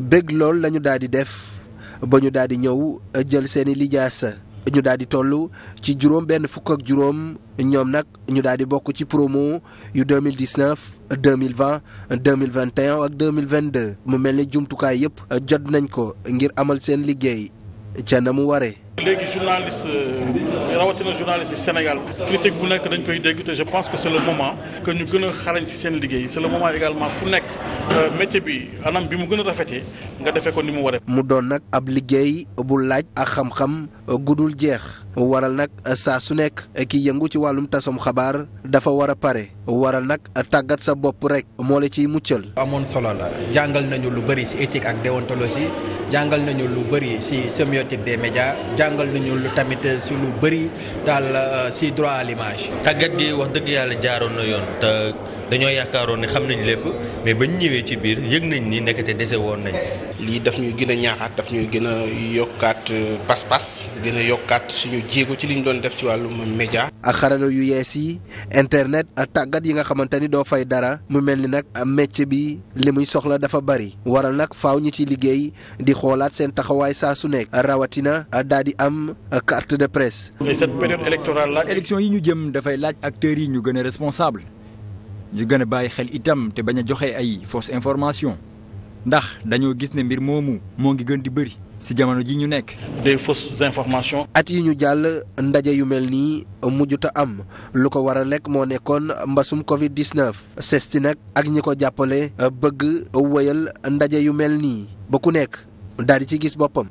bëgg lool lañu daal di def ba ñu daal di ñëw jël seeni lijaasa ñu daal di toll ci juróom benn fukk ak juróom ñoom nag ñu daal di bokk ci promo yu 2019 2020 2021 ak 2022 mu mel ni jumtukaay yëpp jot nañ ko ngir amal seen liggéey ca na mu waree léegi journaliste euh, rawatina journaliste yi Sénégal critique bu nekk dañ koy dégg te je pense que c' est le moment que ñu gën xarañ ci seen liggéey c' est le moment également ku nekk euh, métier bi anam bi mu gën rafete rafetee nga defee ko ni mu waree. mu doon nag ab liggéey bu laaj ak xam-xam euh, gudul jeex waral nag saa su nekk ki yëngu ci wàllum tasom xabaar dafa war a pare waral nag tàggat sa bopp rek moo ciy muccal. amoon solo la jàngal nañu lu bëri ci éthique ak déontologie jàngal nañu lu bëri ci sémiotique jàngal nañu lu tamit euh, si lu bëri daal euh, si tàggat gi wax dëgg yàlla jaaroon na yoon te dañoo yaakaaroon ne xam nañ lépp mais ba bañ ñëwee ci biir yëg nañ ni nekkate dese woon nañ lii daf ñuy gën a ñaaxaat daf ñuy gën a yokkaat euh, pas-pas gën a yokkaat suñu jéego ci li ñu doon def ci wàllu wàllum média ak xarala yu yees yi internet ak tàggat yi nga xamante ni doo fay dara mu mel ni nag métier bi li muy soxla dafa bari waral nag faaw ñi ci liggéey di xoolaat seen taxawaay saa su nekk rawatina daal am carte de presse. et cette yi ñu jëm dafay laaj acteurs yi ñu gën a responsable ñu gën a bàyyi xel itam te bañ a joxe ay fausse information ndax dañoo gis ne mbir moomu moo ngi gën di bëri ci jamono ji ñu nekk. des fausses informations. at yi ñu jàll ndaje yu mel nii mujjuta am lu ko war a lekk moo nekkoon mbasum Covid 19 sesti nag ak ñi ko jàppale bëgg woyal ndaje yu mel nii ba ku nekk daal di ci gis boppam.